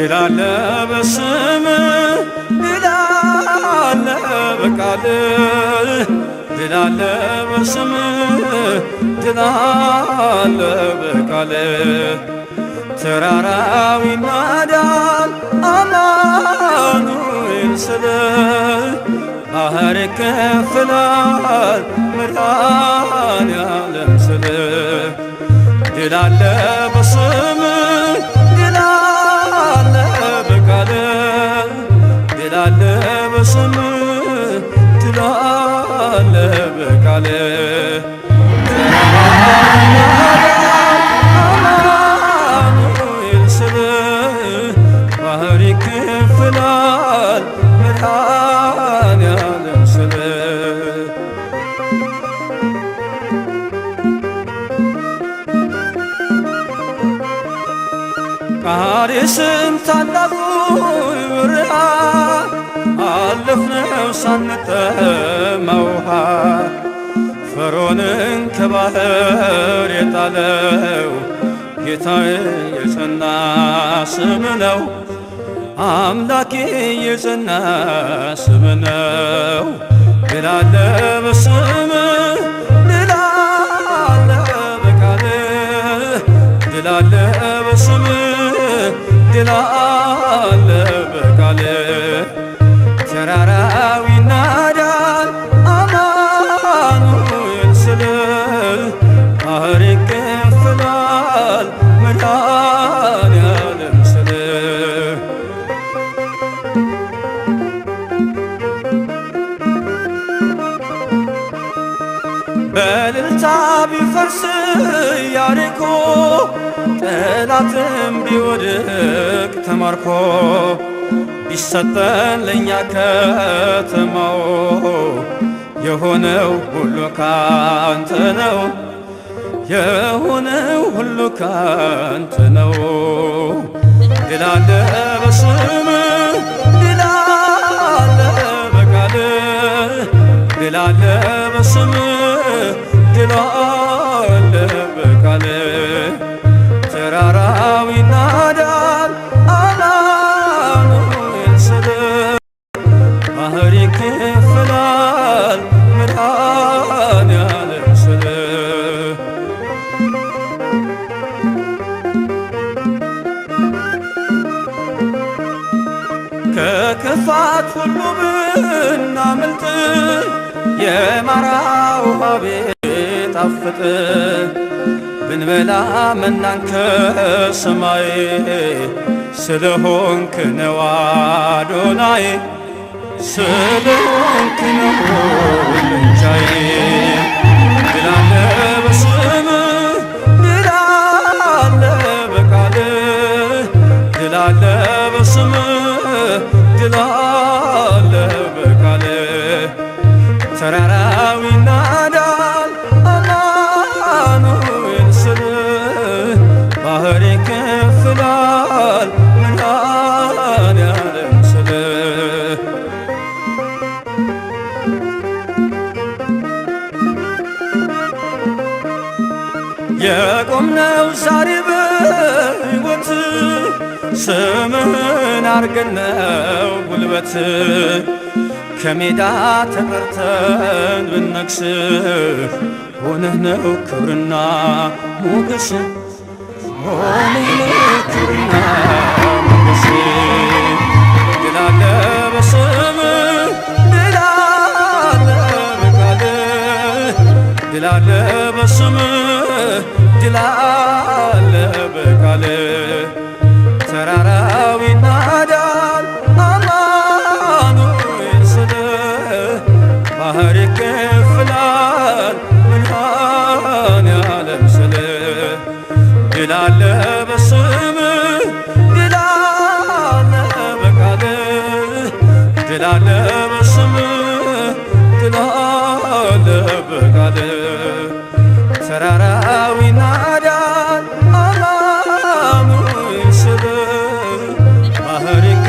ድል አለ በስም ድል አለ በቃል ድል አለ በስም ድል አለ በቃል አማኑኤል ስለ ባህር መድኃኔዓለም ስለ ድል አለ በስም ቃዴስን ታላቁን በረሃ አለፍነው ሳንጠማ ውሃ ፈርዖንን ከባህር የጣለው ጌታዬ የጸና ስም ነው። አምላኬ የጸና ስም ነው። ድል አለ በስም ድል አለ በቃል ድል አለ በስም ትችላለ በቃል ተራራው ይናዳል አማኑኤል ስል ባህር ይከፈላል መድኃኔዓለም ስል በእልልታ ቢፈርስ ያሪኮ ጠላትም ቢወድቅ ተማርኮ ቢሰጠን ለእኛ ከተማው የሆነው ሁሉ ካንተ ነው የሆነው ሁሉ ካንተ ነው። ድል አለ በስም ድል አለ በቃል ድል አለ ከክፋት ሁሉ ብናመልጥ የማራ ውሃ ቢጣፍጥ ብንበላ መናንከ ሰማይ ስለሆንክ ነው አዶናይ ስለሆንክ ነው ልንቻይ ግላለ ዓለም ይናዳል አማኑኤል ስል ባህር ይከፍላል ምናን ስል የቆምነው ዛሬ በሕይወት ስምህን አርገነው ጉልበት ከሜዳ ተጠርተን ብንነግስ ሆነህ ነው ክብርና ሞገስ ሆነህ ነው ክብርና ሞገስ ድል አለ በስምህ ድል አለ መድኃኒዓለም ስለ ድል አለ በስምህ ድል አለ በቃልህ ድል አለ በስምህ ድል አለ በቃልህ ተራራው ይናዳል ዓለሙን ስብህ ባህር